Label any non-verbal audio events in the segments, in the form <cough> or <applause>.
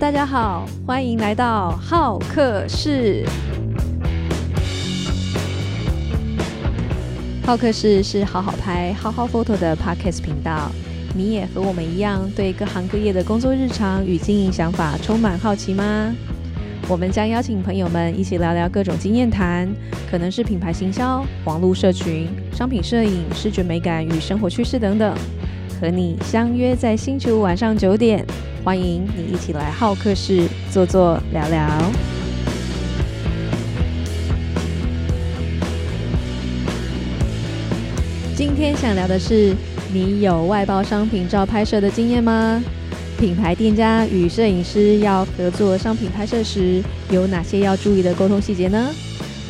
大家好，歡迎來到好客室。好客室是好好拍、好好 photo 的 Podcast 頻道。你也和我們一樣，對各行各業的工作日常與經營想法充滿好奇嗎？我們將邀請朋友們一起聊聊各種經驗談，可能是品牌行銷、網絡社群、商品攝影、視覺美感與生活趨勢等等。和你相約在星期五晚上九點，歡迎你一起來浩客室坐坐聊聊。今天想聊的是，你有外包商品照拍攝的經驗嗎？品牌店家與攝影師要合作商品拍攝時，有哪些要注意的溝通細節呢？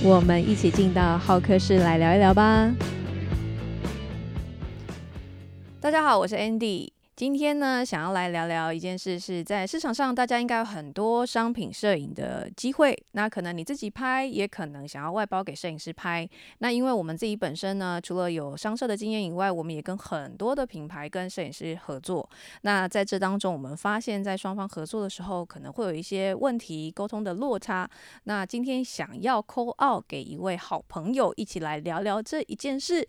我們一起進到浩客室來聊一聊吧。大家好，我是 Andy，今天呢，想要來聊聊一件事，是在市場上，大家應該有很多商品攝影的機會，那可能你自己拍，也可能想要外包給攝影師拍。那因為我們自己本身呢，除了有商攝的經驗以外，我們也跟很多的品牌跟攝影師合作。那在這當中，我們發現，在雙方合作的時候，可能會有一些問題溝通的落差。那今天想要 call out 給一位好朋友，一起來聊聊這一件事。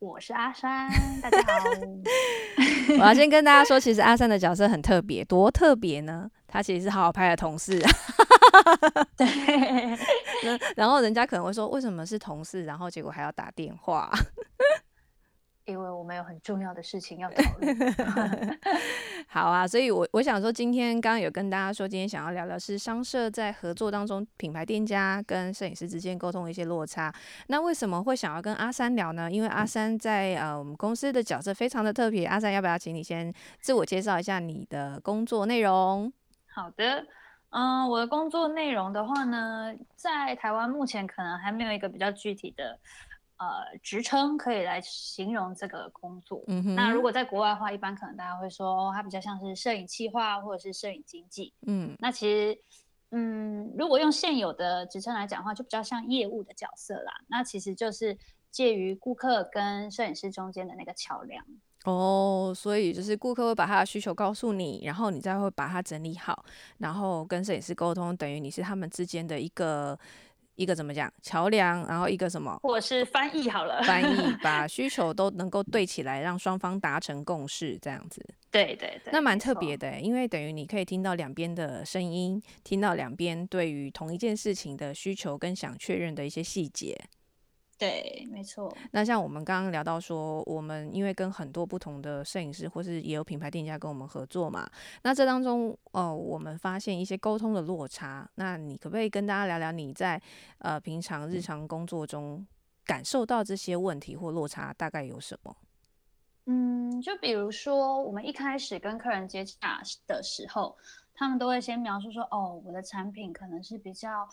我是阿山， <laughs> 大家好。我要先跟大家說，其實阿山的角色很特別，多特別呢？他其實是好好拍的同事啊。 <laughs> <laughs> 對 <laughs> <laughs> 然後人家可能會說，為什麼是同事？然後結果還要打電話。 <laughs> 因為我們有很重要的事情要考慮， <laughs> <laughs> 好啊，所以我，我我想說，今天剛剛有跟大家說，今天想要聊聊是商攝在合作當中，品牌店家跟攝影師之間溝通的一些落差。那為什麼會想要跟阿山聊呢？因為阿山在、嗯、呃我們公司的角色非常的特別。阿山，要不要請你先自我介紹一下你的工作內容？好的，嗯、呃，我的工作內容的話呢，在台灣目前可能還沒有一個比較具體的。呃，職稱可以來形容這個工作。嗯哼，那如果在國外的話，一般可能大家會說，它比較像是攝影企劃或者是攝影經紀。嗯，那其實，嗯，如果用現有的職稱來講的話，就比較像業務的角色啦。那其實就是介於顧客跟攝影師中間的那個橋梁。哦，所以就是顧客會把他的需求告訴你，然後你再會把它整理好，然後跟攝影師溝通，等於你是他們之間的一個。一個怎麼講橋梁，然後一個什麼？我是翻譯好了，翻譯，把 <laughs> 需求都能夠對起來，讓雙方達成共識，這樣子。 <laughs> 對對對，那蠻特別的，因為等於你可以聽到兩邊的聲音，聽到兩邊對於同一件事情的需求跟想確認的一些細節。對，沒錯。那像我們剛剛聊到說，我們因為跟很多不同的攝影師，或是也有品牌店家跟我們合作嘛，那這當中哦、呃，我們發現一些溝通的落差。那你可不可以跟大家聊聊，你在呃平常日常工作中感受到這些問題或落差大概有什麼？嗯，就比如說，我們一開始跟客人接洽的時候，他們都會先描述說：“哦，我的產品可能是比較……”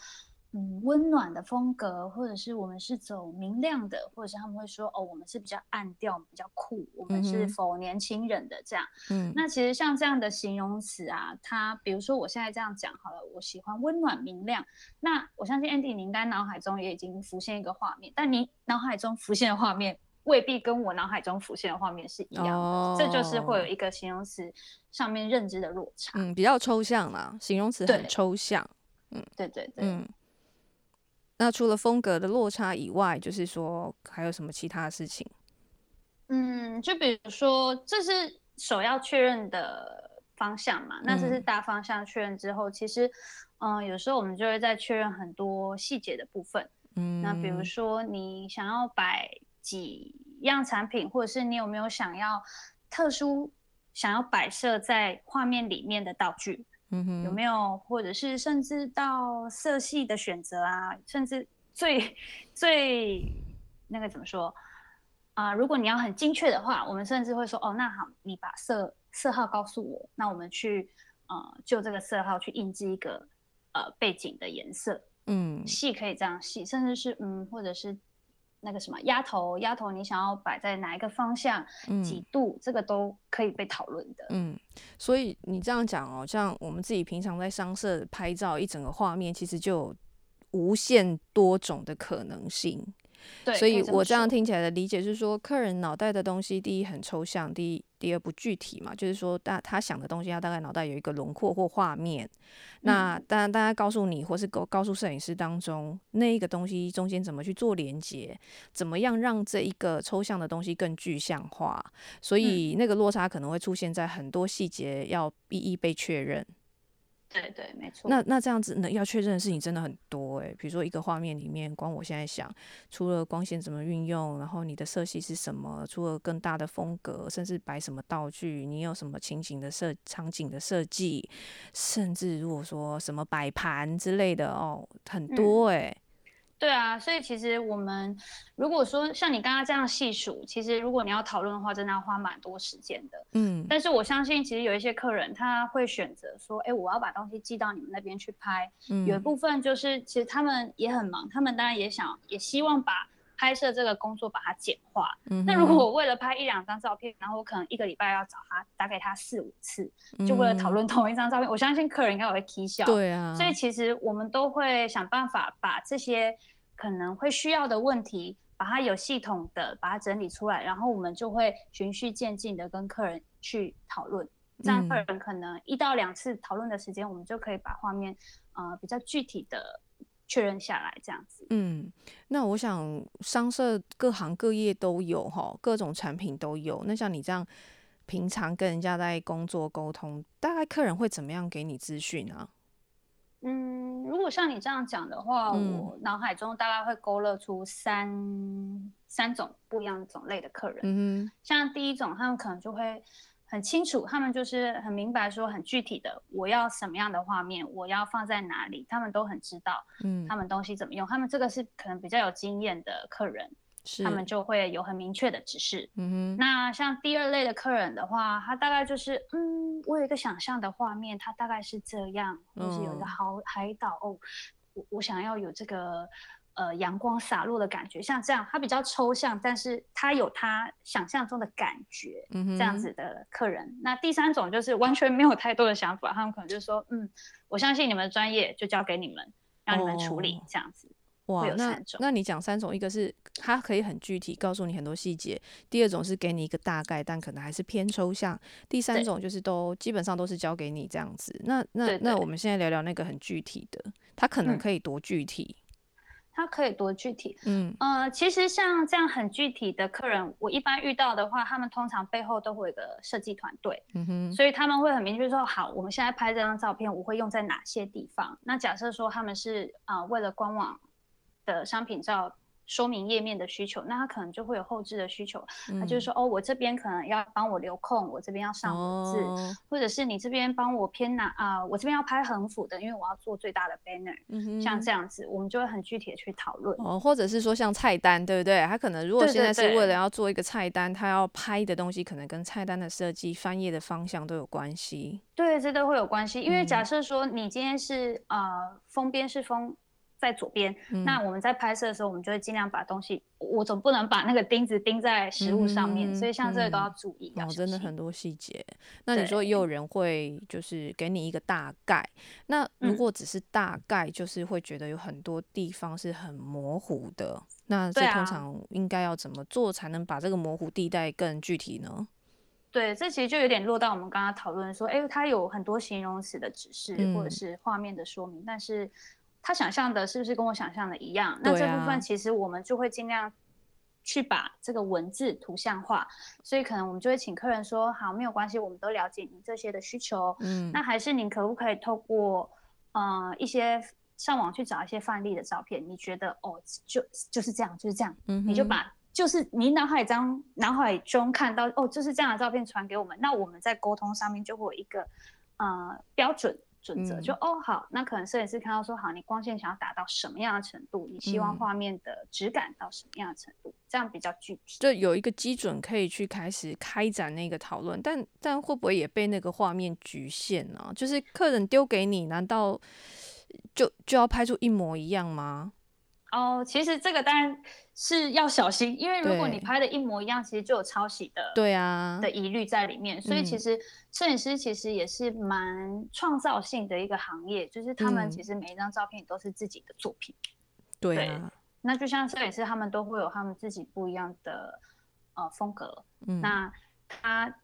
嗯，溫暖的風格，或者是我們是走明亮的，或者是他們會說哦，我們是比較暗調，比較酷，我們是否年輕人的這樣。嗯，那其實像這樣的形容詞啊，它比如說我現在這樣講好了，我喜歡溫暖明亮。那我相信 Andy，你應該腦海中也已經浮現一個畫面，但你腦海中浮現的畫面未必跟我腦海中浮現的畫面是一樣的，哦。這就是會有一個形容詞上面認知的落差。嗯，比較抽象嘛，形容詞很抽象。嗯，對對對，嗯，那除了風格的落差以外，就是說還有什麼其他的事情？嗯，就比如說這是首要確認的方向嘛。那這是大方向確認之後，嗯、其實嗯、呃，有時候我們就會再確認很多細節的部分。嗯，那比如說你想要擺幾樣產品，或者是你有沒有想要特殊想要擺設在畫面裡面的道具？嗯哼，有沒有或者是甚至到色系的選擇啊，甚至最最那個怎麼說啊，呃，如果你要很精確的話，我們甚至會說哦，那好，你把色色號告訴我，那我們去呃，就這個色號去印製一個呃背景的顏色。嗯，細可以這樣細，甚至是嗯，或者是。那個什麼丫頭，丫頭你想要擺在哪一個方向，嗯，幾度，這個都可以被討論的。嗯，所以你這樣講哦，像我們自己平常在商攝拍照，一整個畫面其實就有無限多種的可能性。對，所以我這樣聽起來的理解是說，客人腦袋的東西，第一很抽象，第第二不具體嘛，就是說大他想的東西，他大概腦袋有一個輪廓或畫面。嗯，那當然，大家告訴你，或是告告訴攝影師當中，那一個東西中間怎麼去做連接，怎麼樣讓這一個抽象的東西更具象化，所以那個落差可能會出現在很多細節要一一被確認。對對，沒錯。那那這樣子呢？要確認的事情真的很多誒。比如說一個畫面裡面，光我現在想，除了光線怎麼運用，然後你的色系是什麼，除了更大的風格，甚至擺什麼道具，你有什麼情景的設場景的設計，甚至如果說什麼擺盤之類的哦，很多誒。嗯。對啊，所以其實我們如果說像你剛剛這樣細數，其實如果你要討論的話，真的要花蠻多時間的。嗯，但是我相信其實有一些客人他會選擇說，誒，我要把東西寄到你們那邊去拍。嗯，有一部分就是其實他們也很忙，他們當然也想也希望把。拍攝這個工作把它簡化。嗯、那如果我為了拍一兩張照片，然後我可能一個禮拜要找他打給他四五次，就為了討論同一張照片，嗯，我相信客人應該會氣笑。對啊，所以其實我們都會想辦法把這些可能會需要的問題，把它有系統的把它整理出來，然後我們就會循序漸進的跟客人去討論，嗯。這樣客人可能一到兩次討論的時間，我們就可以把畫面、呃、比較具體的。確認下來這樣子。嗯，那我想商攝各行各業都有齁，各種產品都有。那像你這樣平常跟人家在工作溝通，大概客人會怎麼樣給你資訊呢？嗯，如果像你這樣講的話，嗯、我腦海中大概會勾勒出三三種不一樣種類的客人。嗯，像第一種，他們可能就會。很清楚，他們就是很明白，說很具體的，我要什麼樣的畫面，我要放在哪裡，他們都很知道。嗯，他們東西怎麼用。嗯，他們這個是可能比較有經驗的客人，他們就會有很明確的指示。嗯，那像第二類的客人的話，他大概就是，嗯，我有一個想象的畫面，他大概是這樣，哦，就是有一個好海島，哦，我我想要有這個。呃，陽光灑落的感覺，像這樣，它比較抽象，但是它有它想象中的感覺，這樣子的客人，嗯。那第三種就是完全沒有太多的想法，他們可能就說，嗯，我相信你們的專業，就交給你們，讓你們處理，哦，這樣子。哇，有三種，那那你講三種，一個是他可以很具體，告訴你很多細節，第二種是給你一個大概，但可能還是偏抽象，第三種就是都基本上都是交給你這樣子。那那對對對，那我們現在聊聊那個很具體的，他可能可以多具體？嗯它可以多具體，呃嗯呃，其實像這樣很具體的客人，我一般遇到的話，他們通常背後都會有個設計團隊，嗯哼，所以他們會很明確說，好，我們現在拍這張照片，我會用在哪些地方？那假設說他們是啊、呃，為了官網的商品照片。說明頁面的需求，那他可能就會有後製的需求，他、嗯、就是、說哦，我這邊可能要幫我留空，我這邊要上字、哦，或者是你這邊幫我偏哪啊、呃？我這邊要拍橫幅的，因為我要做最大的 banner，、嗯、像這樣子，我們就會很具體的去討論哦。或者是說像菜單，對不對？他可能如果現在是為了要做一個菜單，對對對，他要拍的東西可能跟菜單的設計、翻頁的方向都有關係。對，這都會有關係，因為假設說你今天是啊、嗯呃，封邊是封。在左邊、嗯。那我們在拍攝的時候，我們就會儘量把東西，我總不能把那個釘子釘在食物上面、嗯，所以像這個都要注意，嗯、要小心、哦、真的很多細節。那你說也有人會就是給你一個大概，那如果只是大概，就是會覺得有很多地方是很模糊的。嗯、那這通常應該要怎麼做才能把這個模糊地帶更具體呢？對，這其實就有點落到我們剛剛討論說，哎、欸，它有很多形容詞的指示或者是畫面的說明，嗯、但是。他想象的是不是跟我想象的一樣、啊？那這部分其實我們就會儘量去把這個文字圖像化，所以可能我們就會請客人說：好，沒有關係，我們都了解你這些的需求。嗯，那還是您可不可以透過嗯、呃、一些上網去找一些範例的照片？你覺得哦，就就是這樣，就是這樣。嗯，你就把就是你腦海張腦海中看到哦，就是這樣的照片傳給我們，那我們在溝通上面就會有一個呃標準。準則就哦好，那可能攝影師看到說好，你光線想要打到什麼樣的程度？你希望畫面的質感到什麼樣的程度？嗯，這樣比較具體，就有一個基準可以去開始開展那個討論。但但會不會也被那個畫面局限呢？啊？就是客人丟給你，難道就就要拍出一模一樣嗎？哦、oh，其實這個當然是要小心，因為如果你拍的一模一樣，其實就有抄襲的對啊的疑慮在裡面。所以其實攝影師其實也是蠻創造性的一個行業，嗯，就是他們其實每一張照片都是自己的作品。對、啊、對那就像攝影師，他們都會有他們自己不一樣的、呃、風格。嗯、那他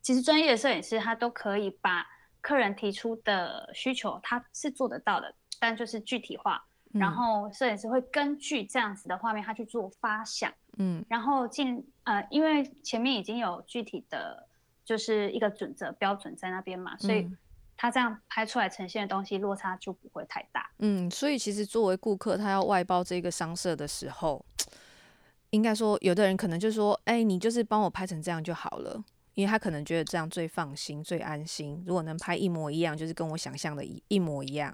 其實專業的攝影師，他都可以把客人提出的需求，他是做得到的，但就是具體化。然後攝影師會根據這樣子的畫面，他去做發想，嗯，然後進呃，因為前面已經有具體的，就是一個準則標準在那邊嘛，嗯、所以他這樣拍出來呈現的東西落差就不會太大，嗯，所以其實作為顧客，他要外包這個商攝的時候，應該說有的人可能就說，哎、欸，你就是幫我拍成這樣就好了，因為他可能覺得這樣最放心、最安心，如果能拍一模一樣，就是跟我想象的一一模一樣。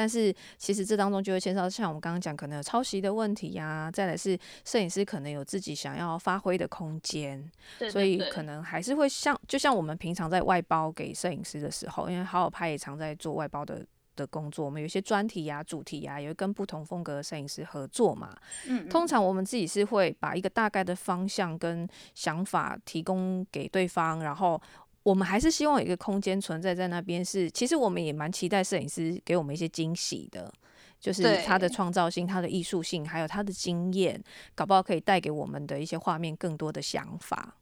但是其實這當中就會牽涉到，像我們剛剛講，可能有抄襲的問題呀，啊，再來是攝影師可能有自己想要發揮的空間，所以可能還是會像，就像我們平常在外包給攝影師的時候，因為好好拍也常在做外包的的工作，我們有些專題呀，啊、主題呀，啊，也會跟不同風格的攝影師合作嘛，嗯，嗯，通常我們自己是會把一個大概的方向跟想法提供給對方，然後。我們還是希望有一個空間存在在那邊，是其實我們也蠻期待攝影師給我們一些驚喜的，就是他的創造性、他的藝術性，還有他的經驗，搞不好可以帶給我們的一些畫面更多的想法。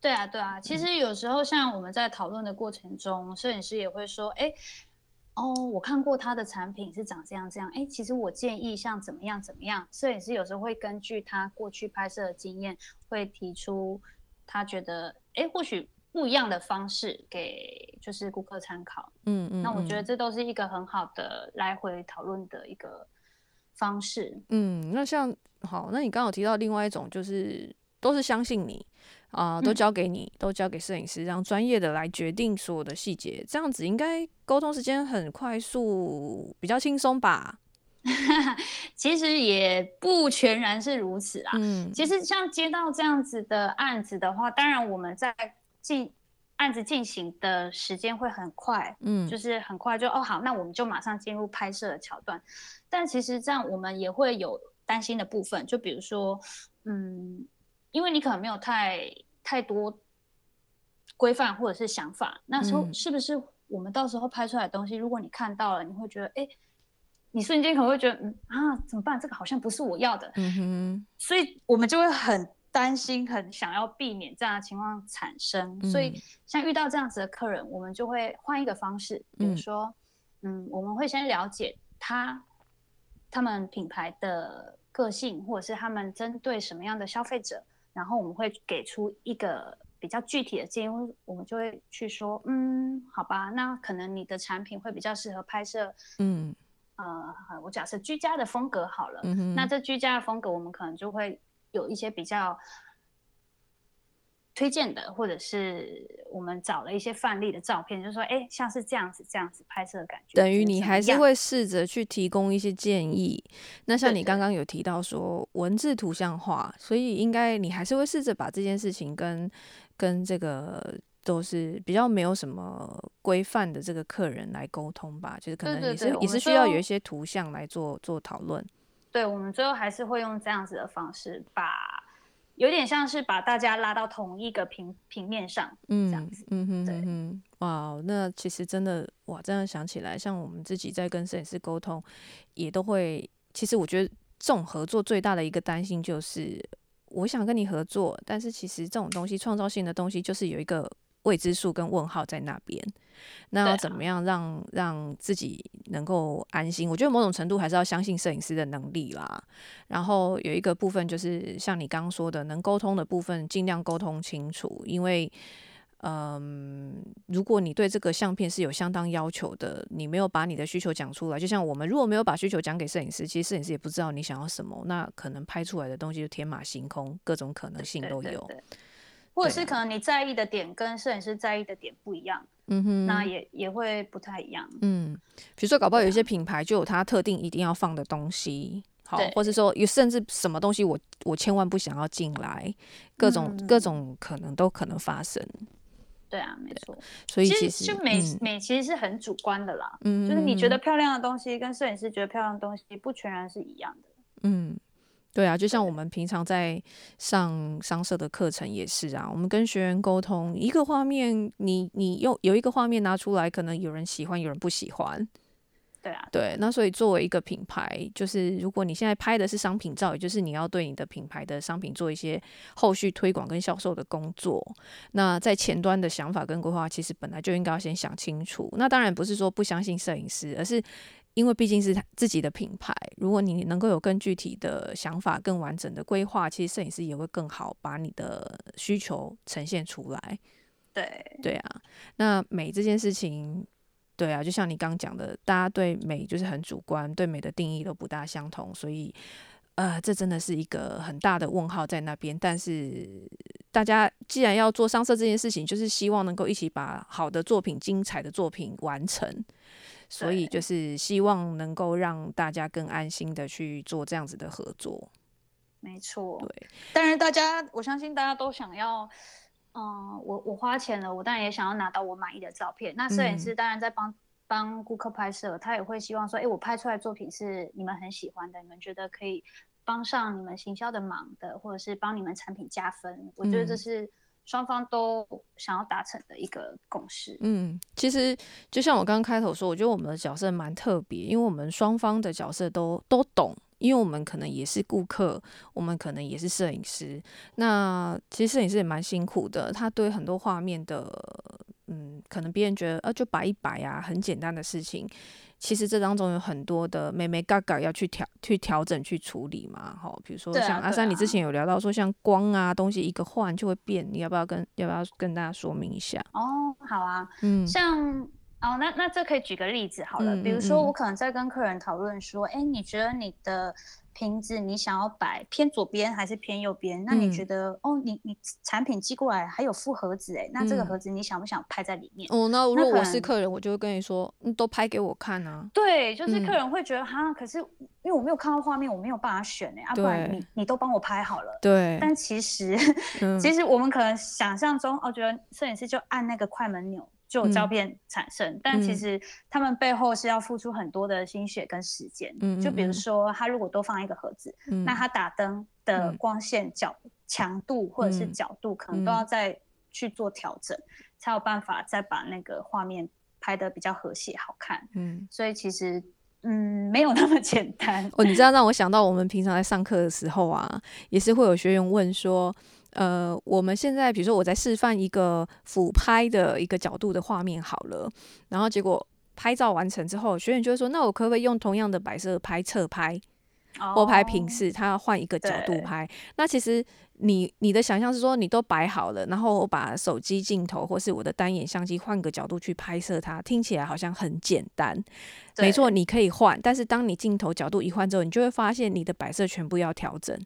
對啊，對啊，其實有時候像我們在討論的過程中，攝影師，嗯，也會說：“欸，哦，我看過他的產品是長這樣這樣。”欸，其實我建議像怎麼樣怎麼樣，攝影師有時候會根據他過去拍攝的經驗，會提出他覺得：“欸，或許。”不一樣的方式給就是顧客參考，嗯，嗯嗯，那我覺得這都是一個很好的來回討論的一個方式，嗯，那像好，那你剛好提到另外一種就是都是相信你啊、呃，都交給你，嗯、都交給攝影師，讓專業的來決定所有的細節，這樣子應該溝通時間很快速，比較輕鬆吧？ <laughs> 其實也不全然是如此啊，嗯，其實像接到這樣子的案子的話，當然我們在進案子進行的時間會很快，嗯，就是很快就哦好，那我們就馬上進入拍攝的橋段。但其實這樣我們也會有擔心的部分，就比如說，嗯，因為你可能沒有太太多規範或者是想法，那時候是不是我們到時候拍出來的東西，嗯、如果你看到了，你會覺得，哎、欸，你瞬間可能會覺得、嗯，啊，怎麼辦？這個好像不是我要的。嗯哼，所以我們就會很。擔心，很想要避免這樣的情況產生，嗯，所以像遇到這樣子的客人，我們就會換一個方式，比如說，嗯，嗯，我們會先了解他他們品牌的個性，或者是他們針對什麼樣的消費者，然後我們會給出一個比較具體的建議。我們就會去說，嗯，好吧，那可能你的產品會比較適合拍攝，嗯，呃，我假設居家的風格好了，嗯，那這居家的風格我們可能就會。有一些比較推薦的，或者是我們找了一些範例的照片，就是說，哎、欸，像是這樣子，這樣子拍攝的感覺。等於你還是會試着去提供一些建議。嗯、那像你剛剛有提到說文字圖像化，對對對，所以應該你還是會試着把這件事情跟跟這個都是比較沒有什麼規範的這個客人來溝通吧？對對對，就是可能你是也是需要有一些圖像來做做討論。對，我們最後還是會用這樣子的方式把，把有點像是把大家拉到同一個平平面上，嗯，這樣子，嗯哼，對，嗯哼哼，哇，那其實真的哇，這樣想起來，像我們自己在跟攝影師溝通，也都會，其實我覺得這種合作最大的一個擔心就是，我想跟你合作，但是其實這種東西，創造性的東西，就是有一個。未知數跟問號在那邊，那要怎麼樣讓讓自己能夠安心？我覺得某種程度還是要相信攝影師的能力啦。然後有一個部分就是像你剛剛說的，能溝通的部分盡量溝通清楚，因為嗯，如果你對這個相片是有相當要求的，你沒有把你的需求講出來，就像我們如果沒有把需求講給攝影師，其實攝影師也不知道你想要什麼，那可能拍出來的東西就天馬行空，各種可能性都有。對對對或者是可能你在意的點跟攝影師在意的點不一樣，嗯哼，那也也會不太一樣，嗯，比如說搞不好有一些品牌就有它特定一定要放的東西，啊、好，或者說有甚至什麼東西我我千萬不想要進來，各種、嗯、各種可能都可能發生，對啊，對沒錯，所以其實，其實就美、嗯、美其實是很主觀的啦，嗯，就是你覺得漂亮的東西跟攝影師覺得漂亮的東西不全然是一樣的，嗯。對啊，就像我們平常在上商攝的課程也是啊，我們跟學員溝通一個畫面，你你用有一個畫面拿出來，可能有人喜歡，有人不喜歡。對啊，對，那所以作為一個品牌，就是如果你現在拍的是商品照，也就是你要對你的品牌的商品做一些後續推廣跟銷售的工作，那在前端的想法跟規劃，其實本來就應該要先想清楚。那當然不是說不相信攝影師，而是。因為畢竟是他自己的品牌，如果你能夠有更具體的想法、更完整的規劃，其實攝影師也會更好把你的需求呈現出來。對，對啊。那美這件事情，對啊，就像你剛講的，大家對美就是很主觀，對美的定義都不大相同，所以。呃，這真的是一個很大的問號在那邊。但是大家既然要做商攝這件事情，就是希望能夠一起把好的作品、精彩的作品完成。所以就是希望能夠讓大家更安心的去做這樣子的合作。沒錯，對。當然，大家我相信大家都想要，嗯、呃，我我花錢了，我當然也想要拿到我滿意的照片。那攝影師當然在幫。嗯幫顧客拍攝，他也會希望說，哎、欸，我拍出來作品是你們很喜歡的，你們覺得可以幫上你們行銷的忙的，或者是幫你們產品加分。嗯、我覺得這是雙方都想要達成的一個共識。嗯，其實就像我剛開頭說，我覺得我們的角色蠻特別，因為我們雙方的角色都都懂，因為我們可能也是顧客，我們可能也是攝影師。那其實攝影師也蠻辛苦的，他對很多畫面的。嗯，可能別人覺得呃就擺一擺啊，很簡單的事情，其實這當中有很多的眉眉角角要去調、去調整、去處理嘛，吼，比如說像阿山，啊啊啊、你之前有聊到說像光啊東西一個換就會變，你要不要跟要不要跟大家說明一下？哦、oh,，好啊，嗯，像。哦，那那這可以舉個例子好了，嗯、比如說我可能在跟客人討論說，哎、嗯欸，你覺得你的瓶子你想要擺偏左邊還是偏右邊、嗯？那你覺得，哦，你你產品寄過來還有附盒子，哎、嗯，那這個盒子你想不想拍在裡面？哦，那如果我是客人，我就會跟你說，你、嗯、都拍給我看啊。對，就是客人會覺得哈、嗯，可是因為我沒有看到畫面，我沒有辦法選哎，要、啊、不然你你都幫我拍好了。對，但其實、嗯、其實我們可能想象中哦，覺得攝影師就按那個快門鈕種照片產生、嗯，但其實他們背後是要付出很多的心血跟時間。嗯，就比如說他如果多放一個盒子，嗯、那他打燈的光線、嗯、角強度或者是角度、嗯，可能都要再去做調整、嗯，才有辦法再把那個畫面拍的比較和諧好看。嗯，所以其實嗯沒有那麼簡單。哦，你知道讓我想到我們平常在上課的時候啊， <laughs> 也是會有學員問說。呃，我們現在比如說我在示範一個俯拍的一個角度的畫面好了，然後結果拍照完成之後，學員就會說：“那我可不可以用同樣的擺設拍側拍，oh, 或拍平視？他要換一個角度拍。”那其實你你的想象是說你都擺好了，然後我把手機鏡頭或是我的單眼相機換個角度去拍攝它，聽起來好像很簡單。沒錯，你可以換，但是當你鏡頭角度一換之後，你就會發現你的擺設全部要調整。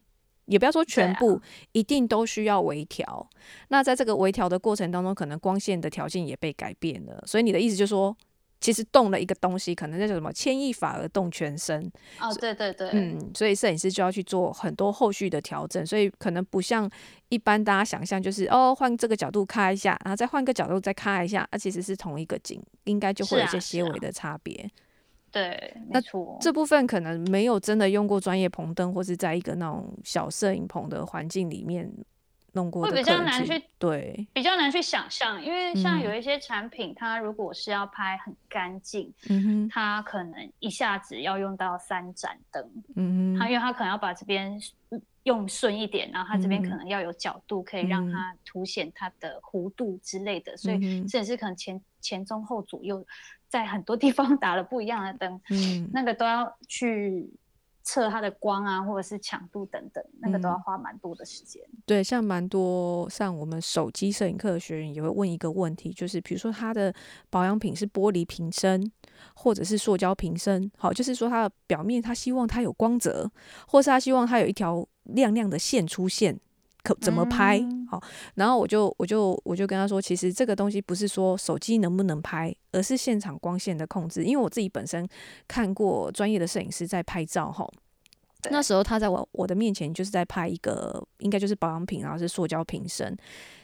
也不要說全部一定都需要微調，啊。那在這個微調的過程當中，可能光線的條件也被改變了。所以你的意思就是說，其實動了一個東西，可能那叫什麼“牽一髮而動全身”哦。哦，對對對。嗯，所以攝影師就要去做很多後續的調整。所以可能不像一般大家想象，就是哦換這個角度開一下，然後再換個角度再開一下，那、啊、其實是同一個景，應該就會有一些些微的差別。對，那這部分可能沒有真的用過專業棚燈，或是在一個那種小攝影棚的環境裡面弄過的會比較難去對，比較難去想象，因為像有一些產品，嗯、它如果是要拍很乾淨，嗯哼，它可能一下子要用到三盞燈，嗯哼，它因為它可能要把這邊用順一點，然後它這邊可能要有角度，可以讓它凸顯它的弧度之類的，嗯、所以這也是可能前前中後左右，在很多地方打了不一樣的燈，嗯，那個都要去測它的光啊，或者是強度等等，那個都要花蠻多的時間。嗯，對，像蠻多上我們手機攝影課的學員也會問一個問題，就是比如說它的保養品是玻璃瓶身，或者是塑膠瓶身，好，就是說它的表面，他希望它有光澤，或是他希望它有一條亮亮的線出現。可怎麼拍？嗯。好，然後我就我就我就跟他說，其實這個東西不是說手機能不能拍，而是現場光線的控制。因為我自己本身看過專業的攝影師在拍照，吼那時候他在我我的面前就是在拍一個，應該就是保養品，然後是塑膠瓶身。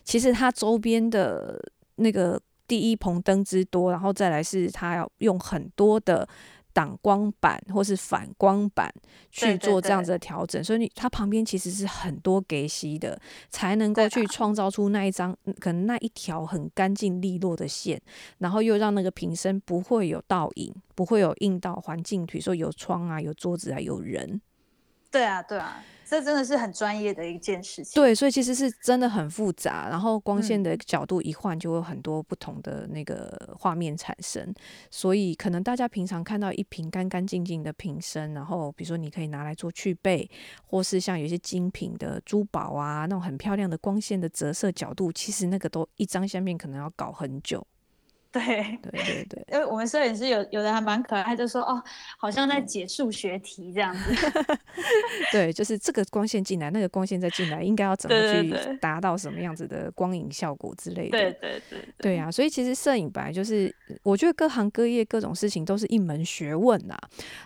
其實他周邊的那個第一棚燈之多，然後再來是他要用很多的。擋光板或是反光板去做這樣子的調整，對對對，所以你它旁邊其實是很多給息的，才能夠去創造出那一張、啊、可能那一條很乾淨利落的線，然後又讓那個瓶身不會有倒影，不會有映到環境體，比如說有窗啊、有桌子啊、有人。對啊，對啊，這真的是很專業的一件事情。對，所以其實是真的很複雜。然後光線的角度一換，就會有很多不同的那個畫面產生，嗯。所以可能大家平常看到一瓶乾乾淨淨的瓶身，然後比如說你可以拿來做去背，或是像有些精品的珠寶啊，那種很漂亮的光線的折射角度，其實那個都一張相片可能要搞很久。對， <laughs> 對對對對，因為我們攝影師有有的還蠻可愛的，就說哦，好像在解數學題這樣子。嗯、 <laughs> 對，就是這個光線進來，那個光線再進來，應該要怎麼去達到什麼樣子的光影效果之類的。對對對，對，對，對啊，所以其實攝影本來就是，我覺得各行各業各種事情都是一門學問吶、啊。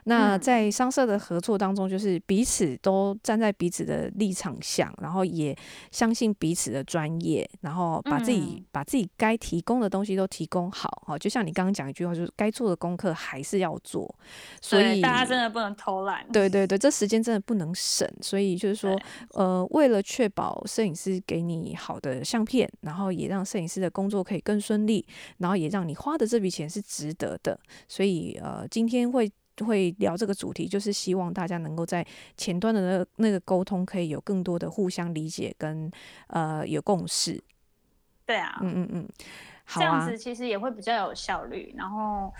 那在商攝的合作當中，就是彼此都站在彼此的立場想，然後也相信彼此的專業，然後把自己、嗯、把自己該提供的東西都提供。好好，就像你剛剛講一句話，就是該做的功課還是要做，所以大家真的不能偷懶。對對對，這時間真的不能省。所以就是說，呃，為了確保攝影師給你好的相片，然後也讓攝影師的工作可以更順利，然後也讓你花的這筆錢是值得的。所以呃，今天會會聊這個主題，就是希望大家能夠在前端的那那個溝通可以有更多的互相理解跟呃有共識。對啊，嗯嗯嗯。這樣子其實也會比較有效率，啊、然後，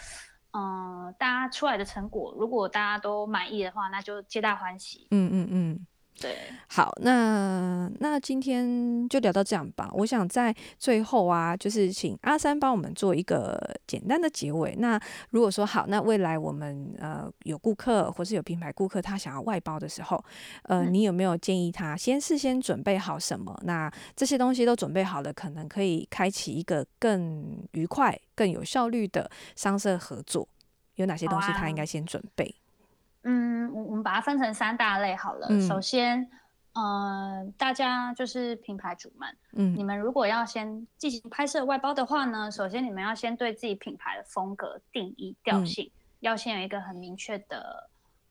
嗯、呃，大家出來的成果，如果大家都滿意的話，那就皆大歡喜。嗯嗯嗯。嗯對，好，那那今天就聊到這樣吧。我想在最後啊，就是請阿山幫我們做一個簡單的結尾。那如果說好，那未來我們呃有顧客或是有品牌顧客他想要外包的時候，呃，你有沒有建議他先事先準備好什麼？那這些東西都準備好了，可能可以開啟一個更愉快、更有效率的商攝合作。有哪些東西他應該先準備？嗯，我我們把它分成三大類好了，嗯。首先，呃，大家就是品牌主們，嗯，你們如果要先進行拍攝外包的話呢，首先你們要先對自己品牌的風格定義調性，嗯，要先有一個很明確的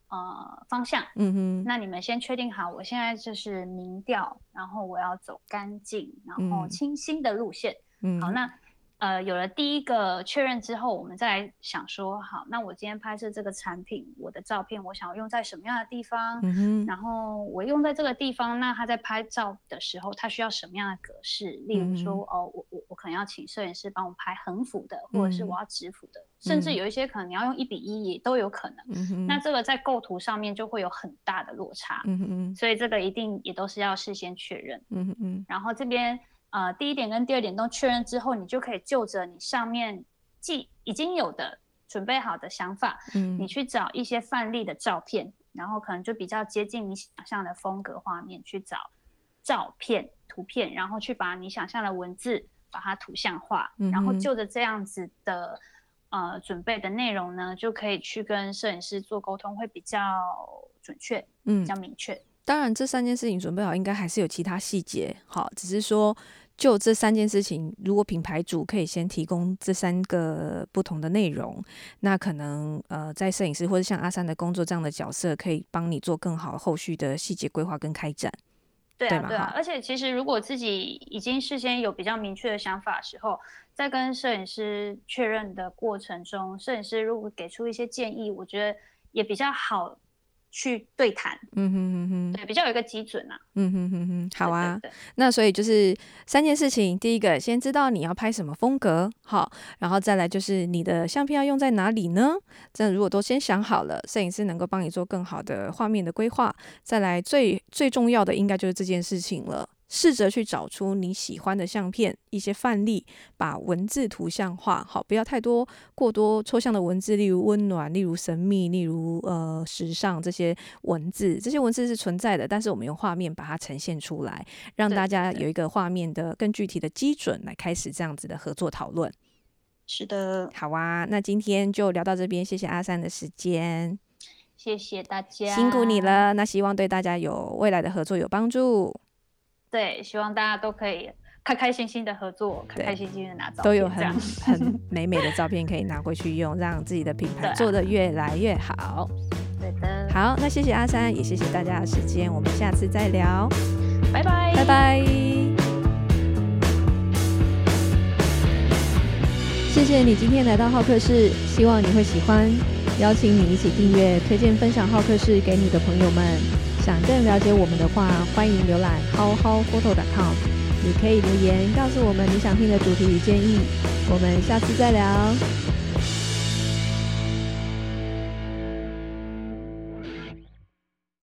呃方向。嗯，那你們先確定好，我現在就是明調，然後我要走乾淨，然後清新的路線。嗯，好，那。呃，有了第一個確認之後，我們再來想說，好，那我今天拍攝這個產品，我的照片，我想要用在什麼樣的地方，嗯？然後我用在這個地方，那他在拍照的時候，他需要什麼樣的格式？嗯、例如說，哦，我我我可能要請攝影師幫我拍橫幅的，或者是我要直幅的，嗯、甚至有一些可能你要用一比一也都有可能、嗯。那這個在構圖上面就會有很大的落差，嗯、所以這個一定也都是要事先確認。嗯嗯，然後這邊。呃，第一點跟第二點都確認之後，你就可以就着你上面既已經有的準備好的想法，嗯，你去找一些範例的照片，嗯，然後可能就比較接近你想象的風格畫面，去找照片、圖片，然後去把你想象的文字把它圖像化，嗯，然後就着這樣子的呃準備的內容呢，就可以去跟攝影師做溝通，會比較準確，嗯，比較明確。嗯。當然，這三件事情準備好，應該還是有其他細節。好，只是說，就這三件事情，如果品牌主可以先提供這三個不同的內容，那可能呃，在攝影師或者像阿山的工作這樣的角色，可以幫你做更好後續的細節規劃跟開展。對啊，對嗎？對啊。而且，其實如果自己已經事先有比較明確的想法的時候，在跟攝影師確認的過程中，攝影師如果給出一些建議，我覺得也比較好。去對談，嗯哼哼哼，對，比較有一個基準啊，嗯哼哼哼，好啊，對對對，那所以就是三件事情，第一個先知道你要拍什麼風格，好，然後再來就是你的相片要用在哪裡呢？這樣如果都先想好了，攝影師能夠幫你做更好的畫面的規劃，再來最最重要的應該就是這件事情了。試着去找出你喜歡的相片，一些範例，把文字圖像化。好，不要太多、過多抽象的文字，例如溫暖，例如神秘，例如呃時尚這些文字。這些文字是存在的，但是我們用畫面把它呈現出來，讓大家有一個畫面的更具體的基準，來開始這樣子的合作討論。是的，好啊。那今天就聊到這邊，謝謝阿山的時間，謝謝大家，辛苦你了。那希望對大家有未來的合作有幫助。對，希望大家都可以開開心心的合作，開開心心的拿走，都有很很美美的照片可以拿回去用， <laughs> 讓自己的品牌做得越來越好。好的，好，那謝謝阿山，也謝謝大家的時間，我們下次再聊，拜拜，拜拜。謝謝你今天來到浩克室，希望你會喜歡，邀請你一起訂閱、推薦、分享浩克室給你的朋友們。想更了解我們的話，歡迎瀏覽 howhowphoto.com。你可以留言告訴我們你想聽的主題與建議。我們下次再聊。